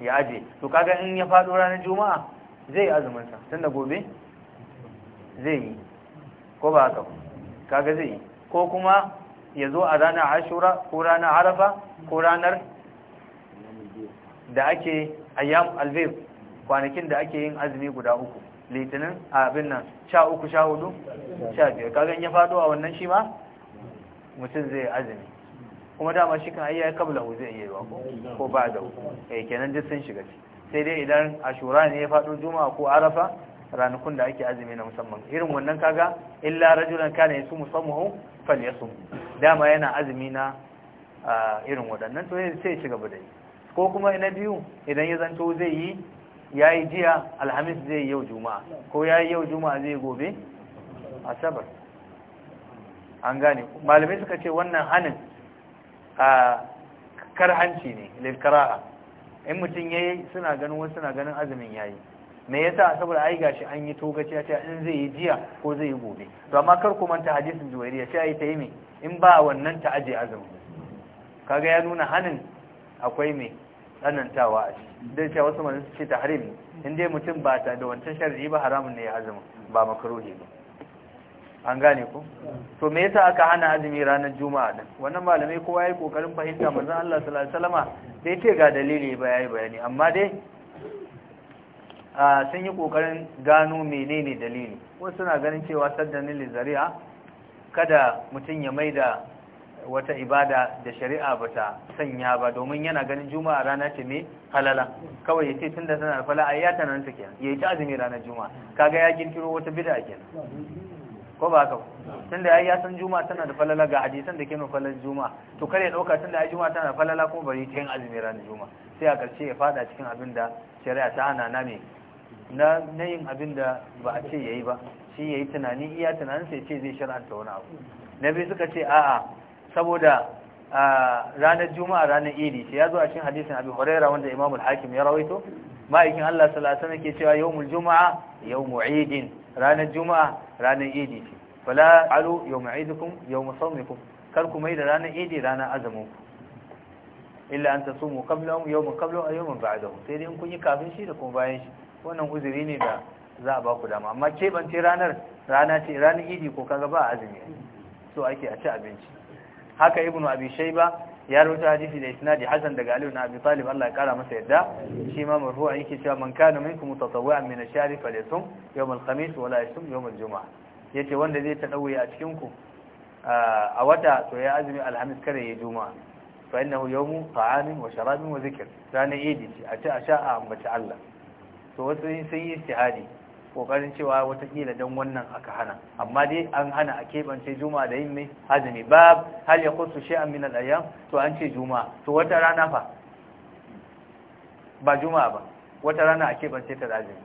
ya aje to kaga in ya faɗo ranar juma'a zai azumin sa da gobe zai yi ko ba haka kaga zai yi ko kuma ya zo a ranar ashura ko ranar arafa ko ranar da ake ayyam albayr kwanakin da ake yin azumi guda uku litinin abin nan sha uku sha hudu sha biyar kagan ya fado a wannan shi ma mutum zai azumi kuma dama shi kan ayyaya kabla hu zai yi ko ba da uku eh, kenan duk sun shiga sai dai idan ashura ne ya fado juma'a ko arafa ranakun da ake azumi na musamman irin wannan kaga illa rajulan kana yasu musammahu falyasum dama yana azumi na irin waɗannan to sai ya ci gaba da yi ko kuma ina biyu idan ya zanto zai yi yayi jiya alhamis zai yau juma'a ko yayi yau juma'a zai gobe asabar an gane malamai suka ce wannan hanin a karhanci ne qira'a in mutum yayi suna ganin wasu suna ganin azumin yayi me yasa saboda ai gashi an yi togaci ya ce in zai yi jiya ko zai yi gobe to amma kar ku manta hadisin juwairiya ce ai ta yi me in ba wannan ta aje azumi kaga ya nuna hanin akwai me tsanantawa a ciki dai cewa wasu su ce tahrim in dai mutum ba ta da wancan sharri ba haramun ne ya azumi ba makruhi ba an gane ku to me yasa aka hana azumi ranar juma'a din wannan malamai kowa yayi kokarin fahimta manzon Allah sallallahu alaihi wasallama sai ce ga dalili ba yayi bayani amma dai sun yi kokarin gano menene dalili wasu suna ganin cewa saddanin lizari'a kada mutum ya maida wata ibada da shari'a bata sanya ba domin yana ganin juma'a rana ce mai halala kawai ya ce tun da sanar fala a yata nan take ya yi ta azumi ranar juma'a kaga ya kirkiro wata bida ke ko ba ka? tun da ya san juma'a tana da falala ga hadisan da ke nuna falala juma'a to kare dauka tun da juma'a tana da falala kuma bari ta yin azumi ranar juma'a sai a karshe ya fada cikin abin da shari'a ta hana na mai na yin abin da ba a ce yayi ba shi yayi tunani iya tunanin sai ce zai shar'anta wani abu na biyu suka ce a'a saboda ranar juma'a ranar idi shi ya zo a cikin hadisin abu huraira wanda imamul hakim ya rawaito ma'aikin Allah salasa na ke cewa mul juma'a yawmu idin ranar juma'a ranar idi ce fala alu yawmu idikum yawmu sawmikum kar ku mai da ranar idi ranar azumin illa an tasumu mu kablon a yau mu ba'dahu sai dai in kun yi kafin shi da kuma bayan shi wannan uzuri ne da za a ba ku dama amma keɓance ranar rana ce ranar idi ko kaga ba azumi so ake a ci abinci haka ibnu abi shayba ya rawaita hadisi da isnadi hasan daga ali ibn abi talib Allah ya kara masa yadda shi ma marfu'a yake cewa man kana minkum mutatawwi'an min ash-shahri falyasum yawm al-khamis wa la yasum yawm al-jum'a yace wanda zai dauye a cikin ku a wata to ya azumi alhamis kare ya juma'a fa innahu yawmu ta'amin wa sharabin wa zikr ranar idi ce a ci a sha a ambaci Allah to wasu sun yi istihadi kokarin cewa watakila don wannan aka hana amma dai an hana a keɓance juma'a da yin mai azumi ba hal ya kusu shi'an min al'ayyam to an ce juma'a to wata rana fa ba juma'a ba wata rana a keɓance ta azumi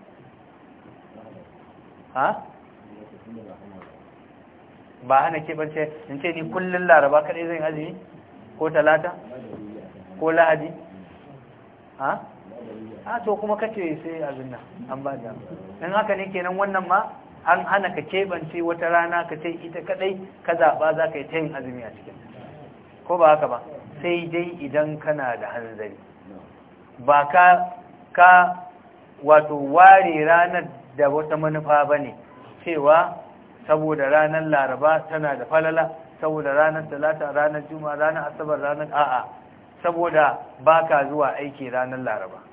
ha ba hana keɓance in ce ni kullum laraba kaɗai zan azumi ko talata ko lahadi ha a to kuma kace sai abin nan an ba da in haka ne kenan wannan ma an hana ka keɓance wata rana ka ce ita kadai ka zaɓa za ka yi ta yin azumi a cikin ko ba haka ba sai dai idan kana da hanzari ba ka ka wato ware ranar da wata manufa ba ne cewa saboda ranar laraba tana da falala saboda ranar talata ranar juma ranar asabar ranar a'a saboda ba ka zuwa aiki ranar laraba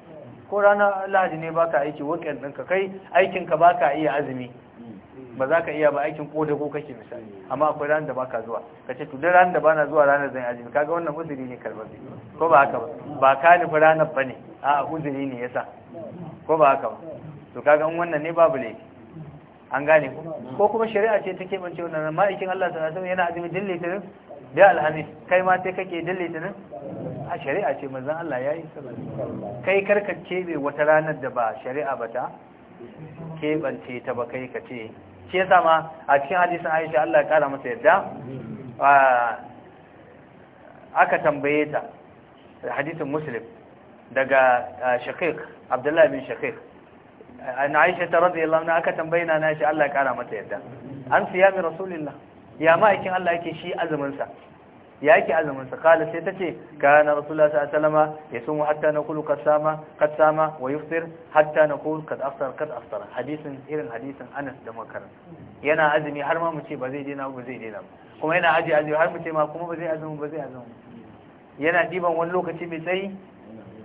ko rana lahadi ne baka aiki wakil ɗinka kai aikinka baka iya azumi ba za ka iya ba aikin koda ko kake misali amma akwai ranar da ba ka zuwa ka ce to ranar da ba na zuwa ranar zan azumi kaga wannan uzuri ne zai ko ba haka ba ba ka nufi ranar ba ne a uzuri ne ya sa ko ba haka ba to kaga in wannan ne babu laifi an gane ko ko kuma shari'a ce ta bance wannan ma'aikin Allah sallallahu alaihi yana azumi dillita da alhamis kai ma sai kake dillita a shari'a ce manzan Allah ya yi kai karka bai wata ranar da ba shari'a ba ta keɓance ta ba kai ka ce ce sama ma a cikin hadisun Aisha Allah ya kara masa yadda aka tambaye ta hadisun Muslim daga shakik abdullahi bin shakik an Aisha ta radiyallahu yalla aka tambaye na Aisha Allah ya kara masa yadda an siya mai rasulillah ya ma aikin Allah yake shi azumin sa yaki azumin sa kala sai tace kana rasulullahi sallallahu alaihi ya yasumu hatta na kasama kat sama wa yuftir hatta kulu kad aftar kad aftar hadisin irin hadisin Anas da makaran yana azumi har ma mu ce ba zai dena ba zai dena kuma yana aji azumi har mu ce ma kuma ba zai azumi ba zai azumi yana diban wani lokaci mai tsayi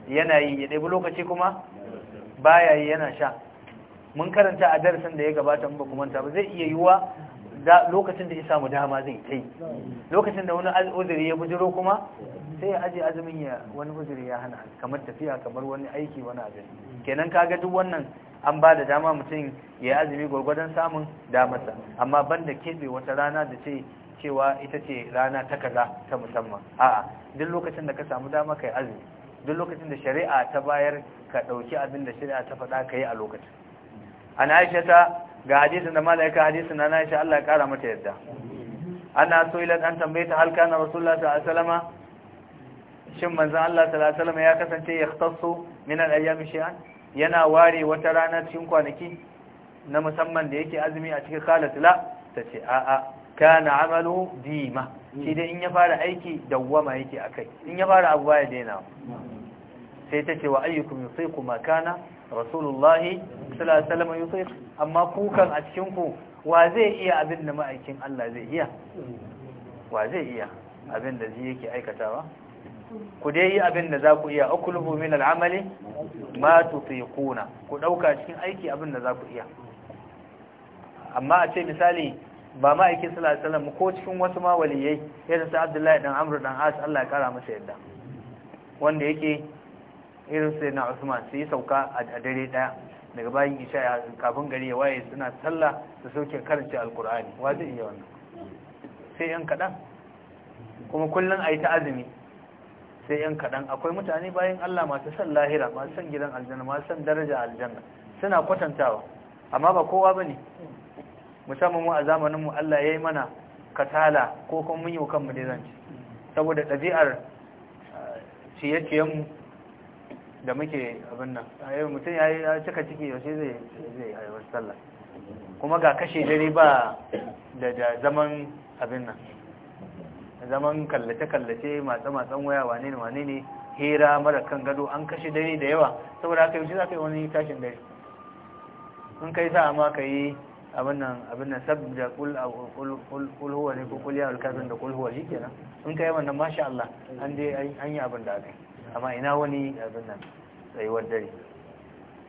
yana yi ya ɗebi lokaci kuma baya yi yana sha mun karanta a darasin da ya gabata mun ba kuma ta ba zai iya yiwa lokacin da ya samu dama zai kai lokacin da wani uzuri ya bujiro kuma sai ya aje azumin ya wani uzuri ya hana kamar tafiya kamar wani aiki wani abin kenan kaga duk wannan an ba da dama mutum ya azumi gwargwadon samun damarsa amma banda keɓe wata rana da ce cewa ita ce rana ta kaza ta musamman a'a duk lokacin da ka samu dama kai azumi duk lokacin da shari'a ta bayar ka ɗauki abin da shari'a ta faɗa ka yi a lokacin an aisha ta ga hadisin da malaika hadisin na Aisha Allah ya kara mata yadda ana so ilan an tambaye ta halka na Rasulullah sallallahu alaihi wasallam shin manzon Allah sallallahu alaihi wasallam ya kasance ya khtassu min al ayami shi'an yana ware wata rana cikin kwanaki na musamman da yake azumi a cikin la tace a a kana amalu dima shi dai in ya fara aiki dawwama yake akai in ya fara abu baya daina sai tace wa ayyukum yusiqu makana rasulullahi sallallahu alaihi wasallam amma kukan a cikin ku wa zai iya abin da ma'aikin Allah zai iya wa zai iya abin da zai yake aikatawa ku dai yi abin da za ku iya ukulubu min al'amali ma tufiquna ku dauka cikin aiki abin da za ku iya amma a ce misali ba ma'aikin sallallahu alaihi wasallam ko cikin wasu mawaliyai yadda sa Abdullahi dan Amr dan As Allah ya kara masa yadda wanda yake irin sai na usman su yi sauka a dare daya daga bayan isha kafin gari ya waye suna sallah su soke karanta alkur'ani wa zai iya wannan sai yan kaɗan kuma kullum a yi ta azumi sai yan kaɗan akwai mutane bayan allah masu san lahira masu san gidan aljanna masu san daraja aljanna suna kwatantawa amma ba kowa ba ne musamman mu a zamanin mu allah ya yi mana kasala ko kuma mun yi wa kanmu da zanci saboda ɗabi'ar eh, ciye mu. da muke abin nan ayyau mutum ya cika ciki yaushe zai zai aiwar sallah kuma ga kashe dare ba da zaman abin nan zaman kallace-kallace matsa-matsan waya wane ne wane ne hera mara kan gado an kashe dare da yawa saboda haka yaushe za ka yi wani tashin dare in kai sa amma ka yi abin nan abin nan sab da kul ne ko kul alkazin da kulhuwa huwa shi kenan in kai wannan masha Allah an an yi abin da aka yi amma ina wani abin nan tsayuwar dare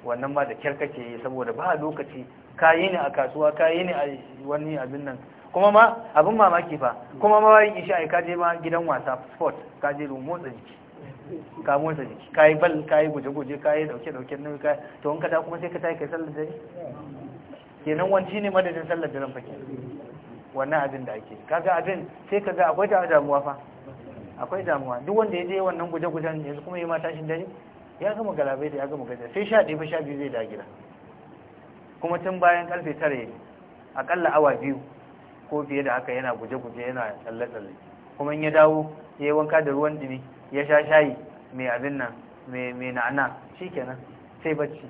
wannan ba da kyar kake yi saboda ba lokaci kayi ne a kasuwa kayi ne a wani abin nan kuma ma abin mamaki fa kuma ma bayan isha ai kaje ma gidan wasa sport kaje ruwan motsa jiki ka motsa jiki kayi bal kayi guje-guje kayi dauke-dauke nan kayi to in ka da kuma sai ka tayi kai sallar dare kenan wanci ne madadin sallar dare fa kenan wannan abin da ake kaga abin sai kaga akwai ta damuwa fa akwai damuwa duk wanda ya je wannan guje-gujen yanzu kuma ya ma tashin dare ya gama galabai da ya gama gaza sai sha ɗaya fa sha biyu zai dagira kuma tun bayan karfe tara ya akalla awa biyu ko fiye da haka yana guje-guje yana tsalle-tsalle kuma in ya dawo ya yi wanka da ruwan dumi ya sha shayi mai abin nan mai na'ana shi sai bacci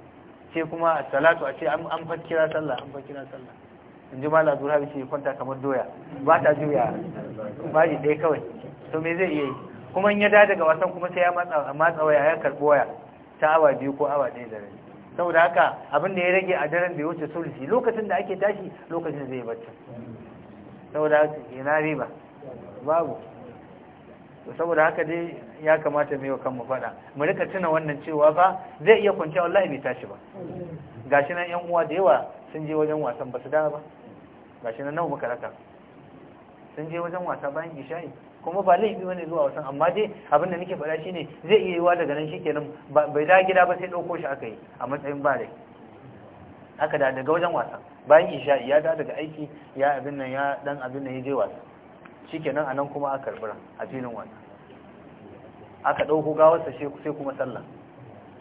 sai kuma salatu a ce an fakira sallah an fa sallah in ji mala zura bi shi kwanta kamar doya ba ta juya baji ɗaya kawai to me zai iya yi kuma in ya da daga wasan kuma sai ya matsa waya ya karɓi waya ta awa biyu ko awa ɗaya da rai. saboda haka abin da ya rage a daren da ya wuce sulhi lokacin da ake tashi lokacin zai bacci saboda haka ina riba babu saboda haka dai ya kamata mu yi wa kanmu faɗa mu rika tuna wannan cewa fa zai iya kwanciya wallahi bai tashi ba gashi nan yan uwa da yawa sun je wajen wasan ba su dawo ba gashi nan nawa muka raka sun je wajen wasa bayan isha'i kuma ba laifi wani zuwa wasan amma dai abin da nake faɗa shine zai iya yiwa daga nan shikenan bai da gida ba sai ɗauko shi aka yi a matsayin ba aka da daga wajen wasa bayan isha'i ya da daga aiki ya abin nan ya dan abin nan ya je wasa shikenan nan kuma aka karbura a filin wasa aka ɗauko gawarsa sai kuma sallah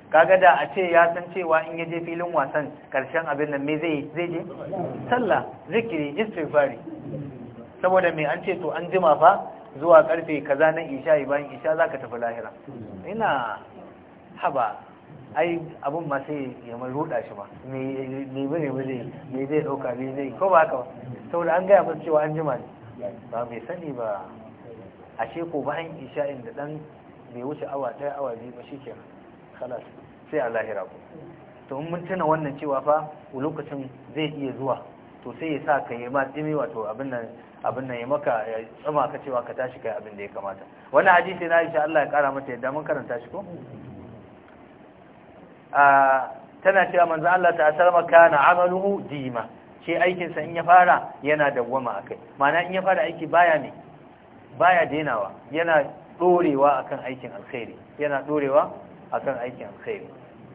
kaga da a ce ya san cewa in ya je filin wasan karshen abin nan me zai zai je sallah zikiri istighfari saboda me an ce to an jima fa zuwa karfe kaza na isha bayan isha zaka tafi lahira ina haba ai abun ma sai ya mai ruda shi ba me ne ba zai me zai dauka me zai ko ba haka ba saboda an gaya musu cewa an jima ne ba bai sani ba ashe ko bayan isha'in da dan bai wuce awa ɗaya awa biyu ba shi shikenan khalas sai a lahira ku to mun tuna wannan cewa fa lokacin zai iya zuwa to sai ya sa ka yi ma dimi wato abin nan abin nan ya maka ya tsama ka cewa ka tashi kai abin da ya kamata wannan hadisi na Aisha Allah ya kara mata yadda mun karanta shi ko a tana cewa manzo Allah ta sallama kana amaluhu dima ce aikin sa in ya fara yana dawwama akai ma'ana in ya fara aiki baya ne baya denawa yana dorewa akan aikin alkhairi yana dorewa akan aikin alkhairi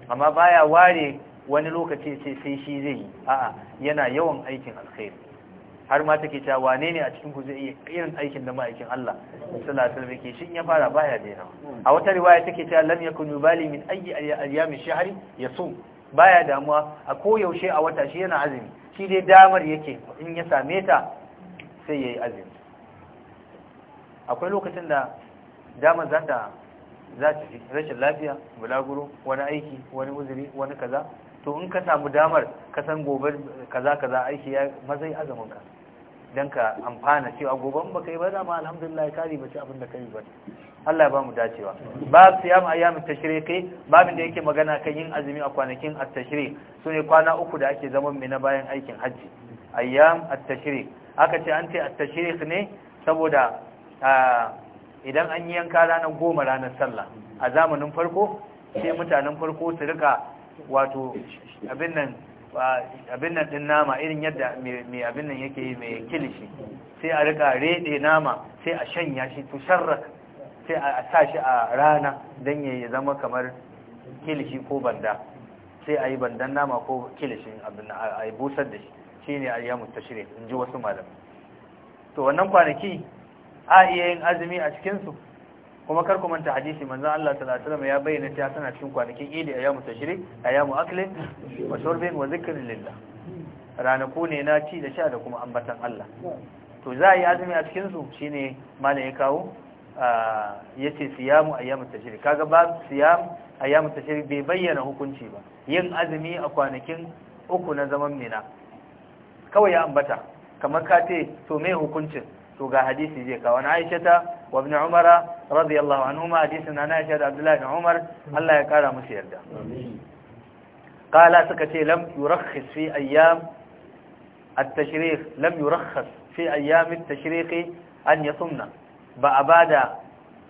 amma baya ware wani lokaci ce sai shi zai yi a'a yana yawan aikin alkhairi har ma take cewa wane ne a cikin ku zai iya irin aikin da ma'aikin Allah sallallahu alaihi wasallam shin ya fara baya daina a wata riwaya take cewa lam yakun yubali min ayyi ayyami shahri yasum baya damuwa a koyaushe a wata shi yana azumi shi dai damar yake in ya same ta sai yayi azumi akwai lokacin da dama za za ta ji rashin lafiya bulaguro wani aiki wani uzuri wani kaza to in ka samu damar ka san gobe kaza kaza aiki ya mazai azumin ka ka amfana cewa goben baka yi ba da alhamdulillah ka riba ci abin da yi ba Allah ya ba mu dacewa bab siyam ayyamin tashri kai babin da yake magana kan yin azumi a kwanakin at su sune kwana uku da ake zaman mai na bayan aikin hajji ayyam at aka ce an ce at-tashri ne saboda ah, idan an yi yanka ranar goma ranar sallah a zamanin farko sai mutanen farko su rika wato abin nan din nama irin yadda mai abin nan yake yi mai kilishi sai a rika reɗe nama sai a shanya shi to sharra sai a sa shi a rana don ya zama kamar kilishi ko banda sai a yi bandan nama ko kilishin abin a busar da shi shine ta tashrik in ji wasu malamai to wannan kwanaki a iya yin azumi a cikinsu kuma kar ku manta hadisi manzon Allah sallallahu alaihi wasallam ya bayyana cewa tana cikin kwanakin idi ayyamu tashrik ayyamu aklin wa shurbin wa zikr lillah ranaku ne na ci da sha da kuma ambatan Allah to za a yi azumi a cikin su shine malai ya kawo ya ce siyamu ayyamu tashrik kaga ba siyam ayyamu tashrik bai bayyana hukunci ba yin azumi a kwanakin uku na zaman mina kawai ya ambata kamar ka ce to me hukuncin to ga hadisi zai kawo na aishata wa ibn Umar radiyallahu anhuma hadisin na Aisha da Abdullah Umar Allah ya kara musu yarda kala suka ce lam yurakhis fi ayyam at-tashrikh lam yurakhas fi ayyam at an yasumna ba abada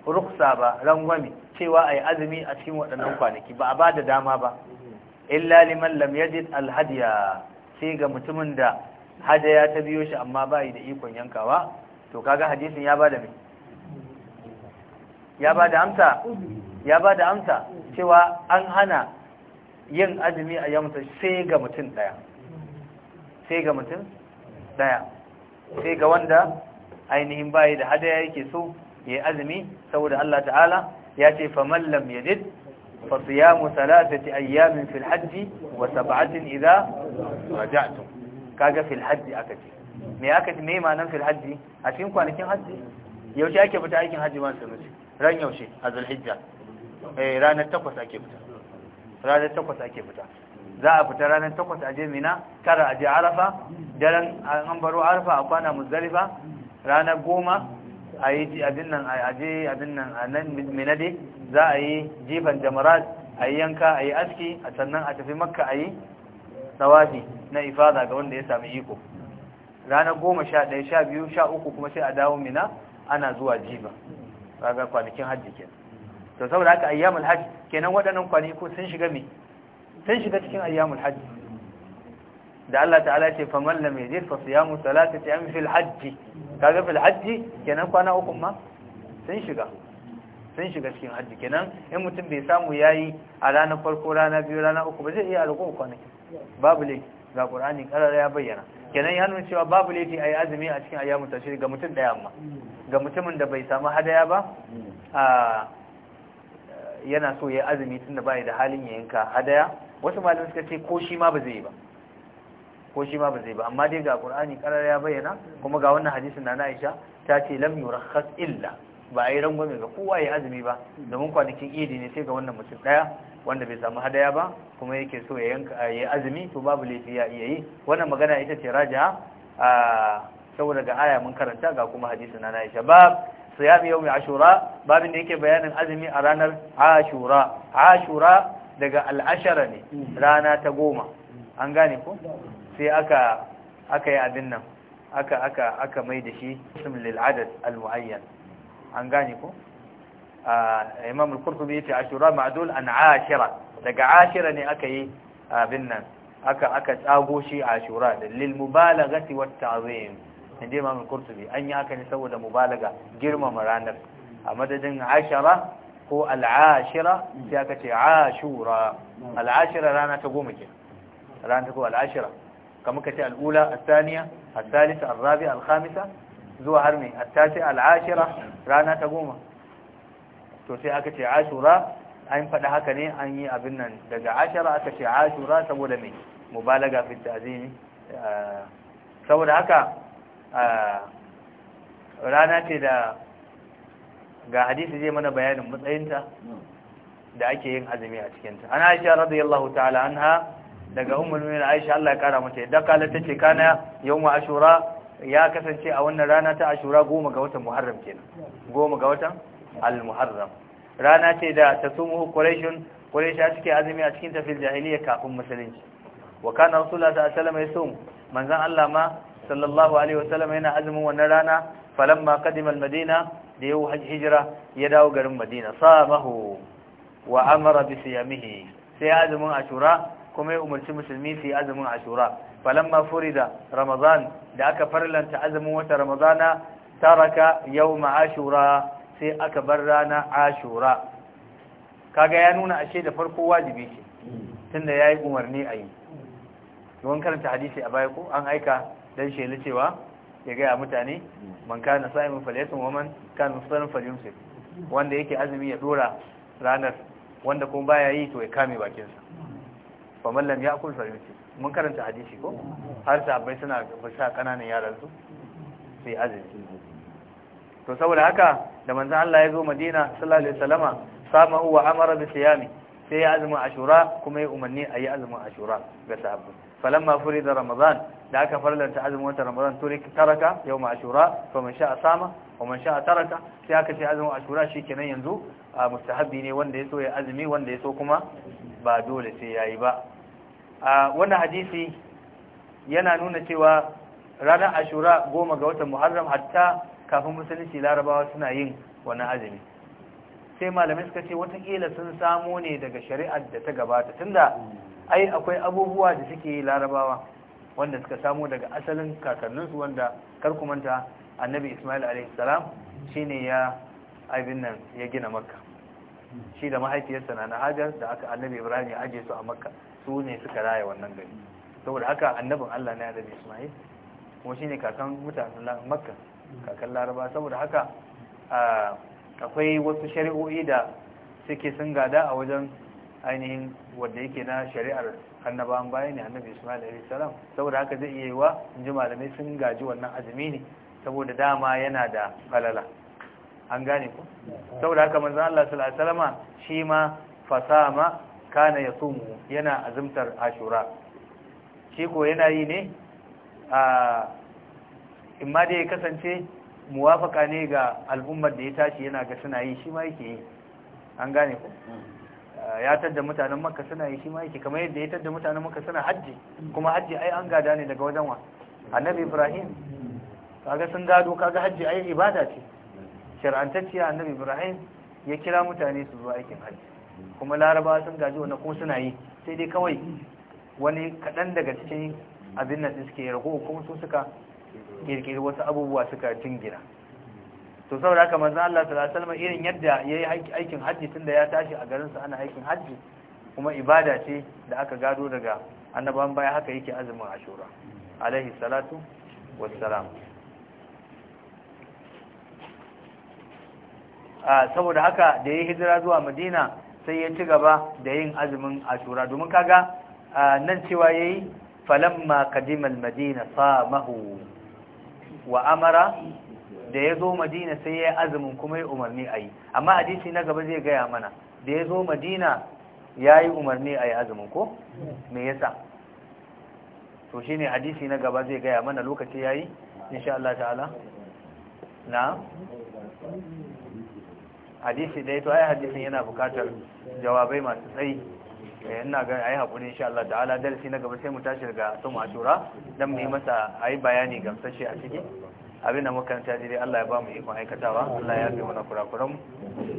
ruksa ba rangwami cewa ai azumi a cikin waɗannan kwanaki ba a bada dama ba illa liman lam yajid al-hadiya sai ga mutumin da hadaya ta biyo shi amma bai da ikon yankawa to kaga hadisin ya bada me ya bada amsa ya bada amsa cewa an hana yin azumi a yamta sai ga mutum daya sai ga mutum daya sai ga wanda ainihin bayi da hadaya yake so yayi azumi saboda Allah ta'ala ya ce faman lam yajid fa siyamu thalathati ayyamin fil hajji wa sab'atin idha raja'tum kaga fil hajji aka ce me aka ji mai manan fil hajji a cikin kwanakin hajji yaushe ake fita aikin hajji ma su mace ran yaushe a zulhijja eh ranar takwas ake fita ranar takwas ake fita za a fita ranar takwas a je mina tara a je arafa daren an baro arafa a kwana muzdalifa ranar goma a yi abin nan a je abin nan a nan mina dai za a yi jifan jamarat a yi yanka a yi aski a sannan a tafi makka a yi tsawafi na ifada ga wanda ya sami iko ranar goma sha ɗaya sha biyu sha uku kuma sai a dawo mina ana zuwa jiba kaga kwanakin hajji ke to saboda haka ayyamul hajji kenan waɗannan kwanaki sun shiga me sun shiga cikin ayyamul hajji da Allah ta'ala ce man lam yajid fa siyamu thalathati ayyam fil hajji kaga fil hajji kenan kwana uku ma sun shiga sun shiga cikin hajji kenan in mutum bai samu yayi a ranar farko rana biyu rana uku ba zai iya alƙon kwanaki babu ne ga Qur'ani karara ya bayyana kenan ya nuna cewa babu laifi a yi azumi a cikin ayyamu tashiri ga mutum ɗaya amma ga mutumin da bai samu hadaya ba yana so ya yi azumi tun da bai da halin ya yanka hadaya wasu malamai suka ce ko shi ma ba zai ba ko shi ma ba zai ba amma dai ga qur'ani karar ya bayyana kuma ga wannan hadisin na Aisha ta ce lam yurakhas illa ba a yi rangwame ga kowa ya azumi ba domin kwanakin idi ne sai ga wannan mutum daya wanda bai samu hadaya ba kuma yake so ya yanka azumi to babu laifi ya iya yi wannan magana ita ce raja a saboda ga aya mun karanta ga kuma hadisi na Aisha ba siyami yawmi ashura babin da yake bayanin azumi a ranar ashura ashura daga al'ashara ne rana ta goma an gane ko sai aka aka yi abin nan aka aka aka mai da shi ism lil adad al muayyan an gane ko imam al-qurtubi yace ashura ma'dul an ashira daga ashira ne aka yi abin nan aka aka tsago shi ashura da lil mubalaghati wat ta'zim inda imam al-qurtubi an yi haka ne saboda mubalaga girmama ranar a madadin ashara ko al-ashira sai aka ce ashura al-ashira rana ta goma ke rana ta goma al-ashira kamar kace al-ula al-thaniya al-thalitha al-rabi'a al-khamisa zuwa har mai sai al'ashira rana ta goma to sai aka ce ashura an faɗa haka ne an yi abin nan daga ashira aka ce ashura saboda mai mubalaga fi ta'zimi eh, saboda haka eh, rana ce da ga hadisi zai mana bayanin matsayinta da ake yin azumi a cikinta ana aisha radiyallahu ta'ala ha daga umarnin aisha Allah ya kara mata yadda kala ce kana yawmu ashura ya kasance a wannan rana ta ashura goma ga watan muharram kenan goma ga watan al-muharram rana ce da tasumu quraishun quraisha suke azumi a cikin tafil jahiliya kafin musulunci wa kana rasulullahi sallallahu alaihi wasallam manzon Allah ma sallallahu alaihi wasallam yana azumin wannan rana falamma qadima al-madina da yau hijira ya dawo garin madina samahu wa amara bi siyamihi sai azumin ashura kuma ya umarci musulmi su yi azumin ashura falamma furida ramadan da aka farlanta azumin wata ramadana taraka yawma ashura sai aka bar rana ashura kaga ya nuna ashe da farko wajibi ce tunda yayi umarni yi. don karanta hadisi a baya ko an aika dan shela cewa ya ga mutane man kana sa'imin falyasum wa man kana musallan falyumsik wanda yake azumi ya dora ranar wanda kuma baya yi to ya kame bakinsa fa man lam ya'kul falyumsik mun karanta hadisi ko har sahabbai suna sa kananan yaran su su yi azumi to saboda haka da manzon Allah ya zo Madina sallallahu alaihi wasallama sama huwa amara bi siyami sai ya azumin ashura kuma ya umarni a yi azumin ashura ga sahabbai falamma furida ramadan da aka farlanta azumin wata ramadan turi taraka yawm ashura fa man sha'a sama wa man sha'a taraka sai aka ce azumin ashura shikenan yanzu mustahabbi ne wanda ya so ya azumi wanda ya so kuma ba dole sai yayi ba wannan hadisi yana nuna cewa ranar ashura goma ga watan muharram hatta kafin musulunci larabawa suna yin wannan azumi sai malamai suka ce watakila sun samo ne daga shari'ar da ta gabata tunda ai akwai abubuwa da suke larabawa wanda suka samo daga asalin kakanninsu wanda karkumanta annabi ismail alaihissalam shi ne ya abin nan ya gina makka shi da mahaifiyarsa na hajar da aka annabi ibrahim ya aje su a makka su ne suka raya wannan gari saboda haka annabin Allah na yadda Ismail kuma shine kakan mutanen Makka kakan Laraba saboda haka akwai wasu shari'o'i da suke sun gada a wajen ainihin wanda yake na shari'ar annabawan baya ne annabi Ismail alaihi salam saboda haka zai iya yiwa in ji malamai sun gaji wannan azumi ne saboda dama yana da falala an gane ku saboda haka manzo Allah sallallahu alaihi wasallam shi ma fasama kana ya sumu yana azumtar ashura shi ko yana yi ne a imma da ya kasance muwafaka ne ga al'ummar da ya tashi yana ga suna yi shi ma yake yi an gane ku ya tadda mutanen makka suna yi shi ma yake kamar yadda ya tadda mutanen makka suna hajji kuma hajji ai an gada ne daga wajen wa annabi ibrahim kaga sun gado kaga hajji ai ibada ce shar'antacciya annabi ibrahim ya kira mutane su zuwa aikin hajji kuma laraba sun gaji wannan kuma suna yi sai dai kawai wani kaɗan daga cikin abin nan suke rago kuma su suka kirkiri wasu abubuwa suka jingina to saboda haka manzo Allah sallallahu alaihi wasallam irin yadda yayi aikin haji tunda ya tashi a garin sa ana aikin haji kuma ibada ce da aka gado daga annaban baya haka yake azumin ashura alaihi salatu wassalam saboda haka da ya hijira zuwa madina sai ya ci gaba da yin azumin ashura domin kaga nan cewa yayi falamma qadima madina samahu wa amara da yazo madina sai yayi azumin kuma ya umarni ayi amma hadisi na gaba zai gaya mana da yazo madina yayi umarni ayi azumin ko me yasa to shine hadisi na gaba zai gaya mana lokaci yayi insha Allah ta'ala na hadisi dai to ai hadisin yana bukatar jawabai masu tsayi eh, ina ga ai hakuri insha Allah ta'ala darasi na gaba sai mu tashi daga tumatura dan mu yi masa ai bayani gamsashe a ciki abinda muka ta jire Allah ya ba mu ikon aikatawa Allah ya fi mana kurakuran mu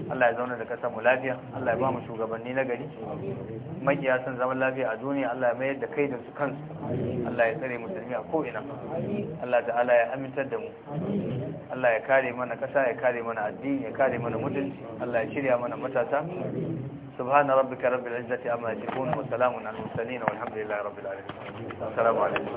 Allah ya zauna da kasar mu lafiya Allah ya ba mu shugabanni na gari makiya sun zaman lafiya a duniya Allah ya mayar da kai da su kansu Allah ya tsare musulmi a ko ina Allah ta'ala ya amintar da mu Allah ya kare mana kasa ya kare mana addini ya kare mana mutunci Allah ya shirya mana matasa سبحان ربك رب العزة أما يشكون وسلام على المرسلين والحمد لله رب العالمين السلام عليكم